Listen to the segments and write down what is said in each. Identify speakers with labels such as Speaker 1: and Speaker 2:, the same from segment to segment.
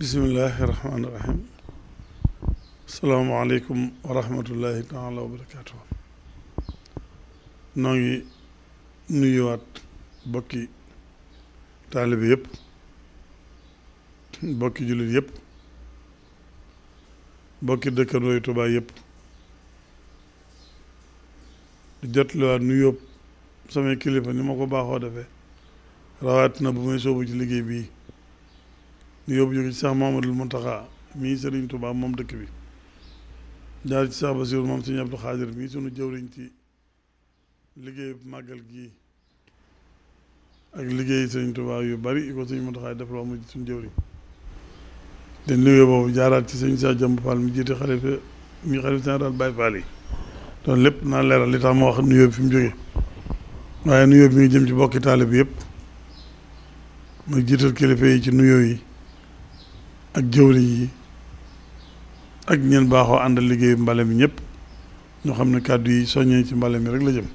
Speaker 1: bismillahi rahmaani rahim asalaamaaleykum wa rahmatullahi taala wa barakaatu noo ngi nuyuwaat bokki taalibe yëpp bokki jullit yëpp bokki dëkkandooyu Tuubaa yëpp di jotliwaat nuyóob samay kilifa ni ma ko baaxoo defee rawaat na bu may soobu ci liggéey bii يبيك سام محمد المنطقة مين سرين توبا محمد كبي دار سام بسيط محمد سنجاب لو خادر مين سنو تي لقي ماجل جي أقلقي سرين توبا يباري يقصي محمد خادر دفلو محمد سنجوري دين لقي بابو جارات سنجاب جم فال مجيت خلف مي خلف سنجاب الباي فالي دون لب نالير لتام واخد نيو فيم جوري ما ينيو بيجيم جبوك تالب يب مجيت الكلفة يجي نيو ak jëwri yi ak ñeen baaxoo ànd liggéey mbale mi ñëpp ñu xam ne kàddu yi soññee ci mbale mi rek la jëm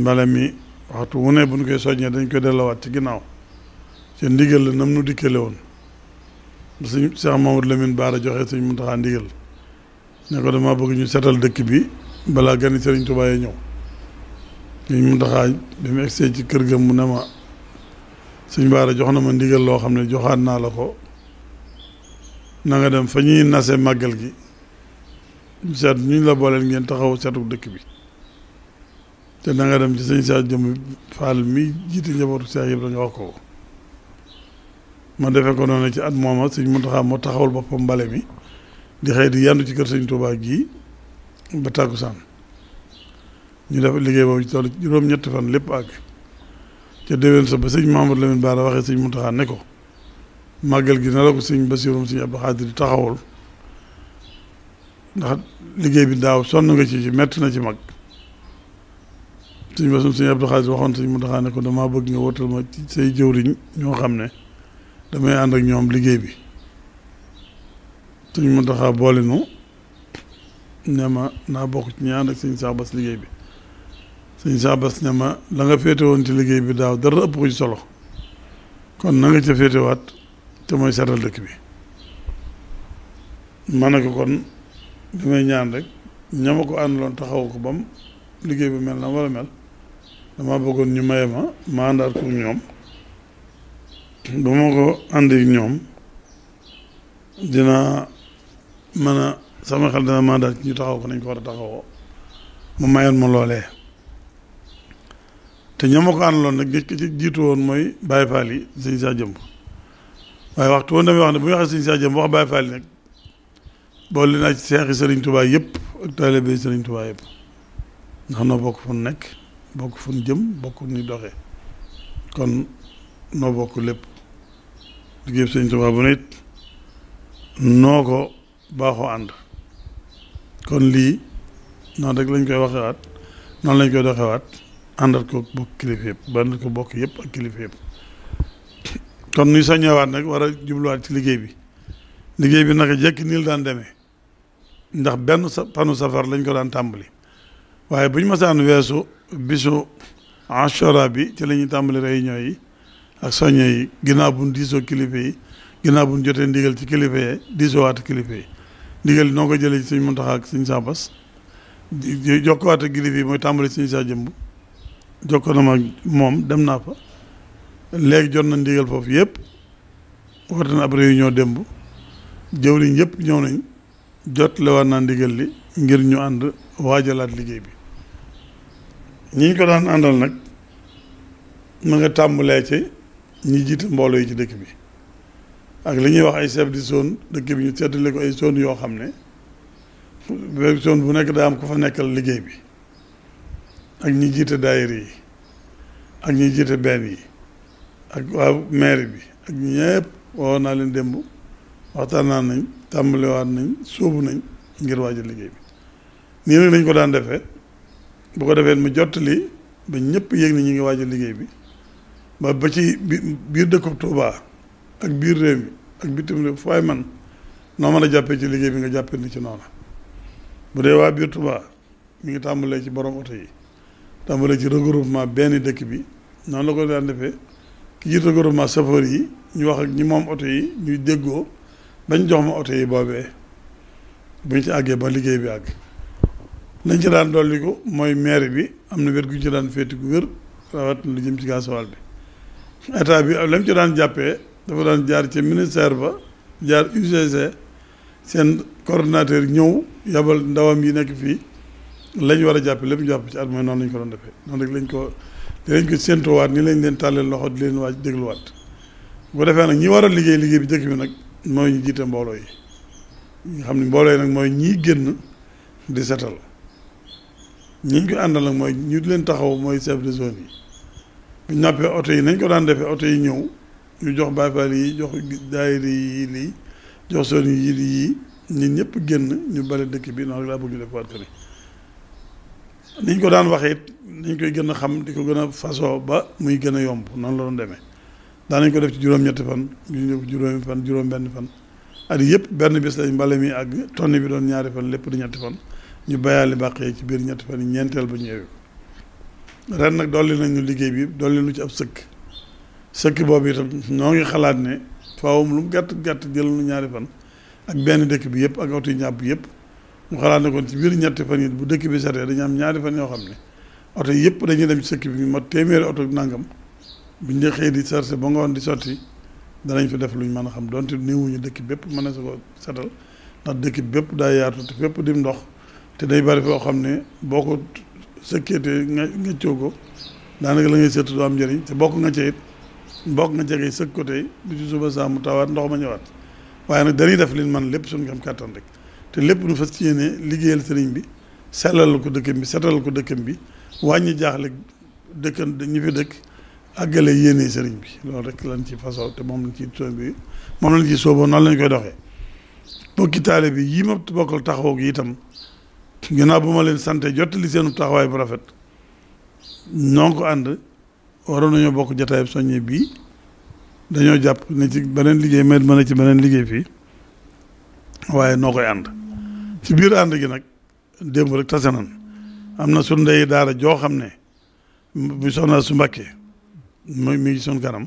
Speaker 1: mbale yi waxtu wu ne bu ñu koy soññee dañ koy dellawaat ci ginnaaw ci ndigal la nam nu dikkale woon suñ Cheikh Mamadou Lamine Bara joxe suñ Muntaxa ndigal ne ko dama bëgg ñu setal dëkk bi bala gani Serigne Touba yi ñëw ñu Muntaxa bi mu egsee ci kër ga mu ne ma suñ Baara jox na ma ndigal loo xam ne joxaat naa la ko na nga dem fa ñuy nase màggal gi ñu seet ñu la booleel ngeen taxaw seetu dëkk bi te nanga dem ci sëñ Cheikh Jëmm Fall mi jiite njabootu Cheikh yëpp dañu wax ko ma defee ko noonu ci at mooma sëñ Muntaxa moo taxawul boppam mbale mi di xëy di yandu ci kër sëñ tuubaay gii ba tàkkusaan ñu def liggéey boobu ci toll juróom-ñetti fan lépp àgg ca déwén sa ba sëñ Mamadou Lamine Bara waxee sëñ Muntaxa ne ko màggal gi na la ko sëñ Basiru sëñ Abdu Xaadir taxawul ndax liggéey bi daaw sonn nga ci metti na ci mag sëñ Basiru sëñ Abdu Xaadir waxoon sëñ Muntaxa ne ko damaa bëgg nga wóotal ma ci say jëwriñ ñoo xam ne damay ànd ak ñoom liggéey bi sëñ Muntaxa boole nu ne ma naa bokk ci ñi ànd ak sëñ Seex liggéey bi sëñ Seex Bass ne ma la nga féete woon ci liggéey bi daaw dara ëpp ko ci solo kon na nga ca féetewaat te mooy seetal dëkk bi ma ne ko kon damay ñaan rek ñama ko àndaloon taxaw ko bam liggéey bi mel na wala mel dama bëggoon ñu maye ma ma àndaat ñoom bu ma ko àndi ñoom dina mën a sama xel dina ma àndaat ñu taxaw ko nañ ko war a taxawoo mu mayoon ma loolee te ñama ko àndaloon nag gëj ko ci jiitu woon mooy Baay Faal yi sëñ saa jëmb waaye waxtu woon damay wax ne bu ñu waxee sëñ Cheikh Jëmb wax Baye Fall nag boole naa ci seexi Serigne Touba yëpp ak taalibe Serigne ndax noo bokk fu nekk bokk fu jëm bokk fu doxe kon noo bokk lépp liggéey Serigne Touba bu nit noo ko baaxoo ànd kon lii noonu rek lañ koy waxewaat noonu lañ koy doxewaat àndat ko bokk kilifa yëpp ba ko bokk yëpp ak kilifa yëpp kon nuy soññewaat nak wara jublu jubluwaat ci liggey bi liggey bi nak jek nil daan demé ndax ben panu safar lañ ko daan tàmbali waaye buñ masaan wessu bisu Ashura bi ci lañu tambali réunion yi ak soññe yi ginaa buñ diso kilifa yi ginaa buñ jotee ndigal ci kilifa yi diisoo waat kilifa yi ndigal noo ko jëlee ci suñ muntaha ak suñ Saabas jokkowaat ak kilifa yi mooy tàmbali suñ saa jëmb na ma dem na fa léegi jot na ndigal foofu yëpp woote na ab ñoo démb jëwriñ yëpp ñëw nañ jot lewaat naa ndigal li ngir ñu ànd waajalaat liggéey bi ñu ñi ko daan àndal nag mu nga tàmbalee ci ñi jiite mbooloo yi ci dëkk bi ak li ñuy wax ay chef de zone dëkk bi ñu seddale ko ay zone yoo xam ne bépp zone bu nekk daa am ku fa nekkal liggéey bi ak ñi jiite daayira yi ak ñi jiite benn yi ak waa maire bi ak ñëpp woo naa leen démb waxtaan naa nañ tàmbaliwaat nañ sóobu nañ ngir waajal liggéey bi nii nag ko daan defe bu ko defee mu jottali ba ñëpp yëg ni ñu ngi waajal liggéey bi ba ba ci biir dëkkub Tuubaa ak biir réew mi ak bitim réew fay man noo mën a jàppee ci liggéey bi nga jàppee ni ci noonu bu dee waa biir Tuubaa mi ngi tàmbalee ci borom oto yi tàmbalee ci regroupement benn dëkk bi noonu la ko daan defee ki jiite groupement chauffeur yi ñu wax ak ñi moom oto yi ñuy déggoo bañ jox ma oto yi boobee buñ ci àggee ba liggéey bi àgg lañ ci daan dolli mooy maire bi am na wér gu ñu ci daan féeti gu wér rawat lu jëm ci gasoil bi état bi lañ ci daan jàppee dafa daan jaar ci ministère ba jaar UCC seen coordonnateur ñëw yabal ndawam yi nekk fii lañ war a jàppe lépp jàpp ci at mooy noonu lañ ko doon defee noonu rek lañ ko dinañ ko séentuwaat ni lañ leen tàlleel loxo di leen waaj dégluwaat bu defee nag ñi war a liggéey liggéey bi jëkk bi nag mooy ñu jiite mbooloo yi nga xam ne mbooloo yi nag mooy ñii génn di setal ñiñ ko àndal nag ñu leen taxaw mooy chef zone yi bu ñàppee oto yi nañ ko daan defee oto yi ñëw ñu jox bayfal yi jox daayira yi lii jox zone yi lii nit ñëpp génn ñu bale dëkk bi noonu laa bëgg ñu def waat niñ ko daan waxee it dañ koy gën a xam di ko gën a façon ba muy gën a yomb noonu la doon demee daanañ ko def ci juróom-ñetti fan juróomi juróom-benn fan at yëpp benn bis lañ mbale mi ak ton bi doon ñaari fan lépp di ñetti fan ñu bayaali bàq yi ci biir ñetti fan yi ñeenteel ba ñëwee ren nag dolli nañu liggéey bi dolli lu ci ab sëkk sëkk boobu itam ñoo ngi xalaat ne faawum lu mu gàtt gàtt jël nu ñaari fan ak benn dëkk bi yëpp ak oto yi ñàpp yëpp mu xalaat ne kon ci biir ñetti fan yi bu dëkk bi setee dañ am ñaari fan yoo xam ne oto yëpp dañuy dem ci dëkk bi ma téeméeri oto nangam buñ dee xëy di sarse ba ngoon di sotti danañ fi def luñ mën a xam donte néewuñu dëkk bépp mën na sa ko setal ndax dëkk bépp daa yaatu te fépp dim ndox te day bari foo xam ne boo ko sëkkeetee nga ngëccoo ko daanaka la ngay seet du am njëriñ te bokk nga ca it bokk nga ca ngay sëkk ko tey bu ci suba saa tawaat ndox ma ñëwaat waaye nag dañuy def liñ man lépp sun kam kàttan rek te lépp nu fas yéene liggéeyal sëriñ bi sellal ko dëkkam bi setal ko dëkkam bi wàññi jaaxle dëkkan ñi fi dëkk àggale yéene sëriñ bi loolu rek lan ci façon te moom lañ ci bi moom lañ sooboo noonu lañu koy doxee bokki taale bi yi ma bokkal taxaw gi itam ginnaaw bu ma leen sante jottali seenu taxawaay bu rafet ñoo ko ànd waroon nañoo bokk jotaay soññe bii dañoo jàpp ne ci beneen liggéey met mën na ci beneen liggéey fii waaye noo koy ànd ci biir ànd gi nag démb rek tase nan am na suñ ndey daara joo xam ne bu soxna su Mbàkke mooy mi ngi suñ kanam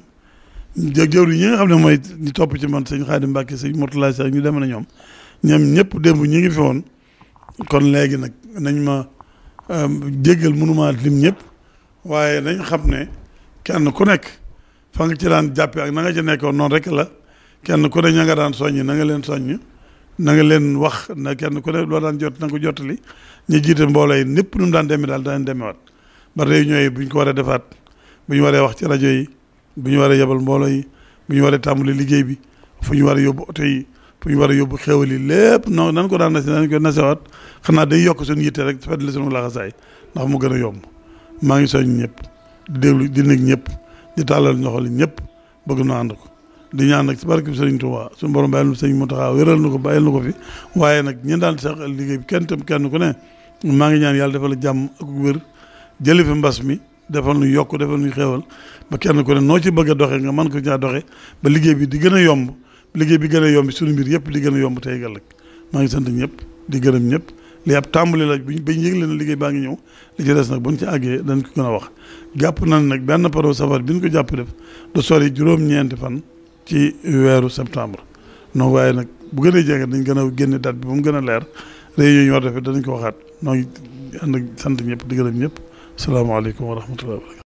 Speaker 1: jëwri ñi nga xam ne mooy ñu topp ci man sëñ Xaadim Mbàkke sëñ Murtala Seex ñu dem na ñoom ñoom ñëpp démb ñu ngi fi woon kon léegi nag nañ ma euh, jéggal mënuma lim ñëpp waaye nañ xam ne kenn ku nekk fa nga ci daan jàppee ak na nga ci nekkoon noonu rek la kenn ku ne ña nga daan soññ na nga leen soññ na nga leen wax na kenn ku ne daan jot na nga ko jottali ñu jiite mbooloo yi népp nu daan demee daal daan demewaat ba réunion yi bu ñu ko waree defaat bu ñu waree wax ci rajo yi bu ñu waree yebal mbooloo yi bu ñu waree tàmbali liggéey bi fu ñu waree yóbbu oto yi fu ñu waree yóbbu xéwal yi lépp non nan ko daan nase nan ko nasewaat xanaa day yokk suñu yitte rek fetli suñu laxasaay ndax mu gën a yomb maa ngi soññ ñëpp di déglu di nekk ñëpp di tàllal ñoxol ñëpp bëgg na ànd ko di ñaan nag ci barke bi sëriñ Touba su borom bàyyil nu sëriñ Mountakha wéral na ko bàyyil na ko fi waaye nag ñeen daan sax liggéey bi kenn tam kenn ku ne maa ngi ñaan yàlla defal jàmm ak wér jëli fi mbas mi defal nu yokk defal nu xéewal ba kenn ku ne noo ci bëgg a doxe nga mën ko ñaa doxe ba liggéey bi di gën a yomb liggéey bi gën a yomb suñu mbir yëpp di gën a yomb tey gal rek maa ngi sant ñëpp di gërëm ñëpp li ab tàmbali la buñ bañ yëgle na liggéey baa ngi ñëw li ci des nag ci àggee dañ ko a wax jàpp nañ nag benn paro safar bi ñu ko jàpp def du sori juróom-ñeenti fan ci weeru septembre non waaye nag bu gën a jege dañ gën a génne date bi ba mu gën a leer réunion yi ñu war defee danañ ko waxaat noo ngi ànd ak sant ñëpp di gërëm ñëpp salaamaaleykum wa rahmatulah.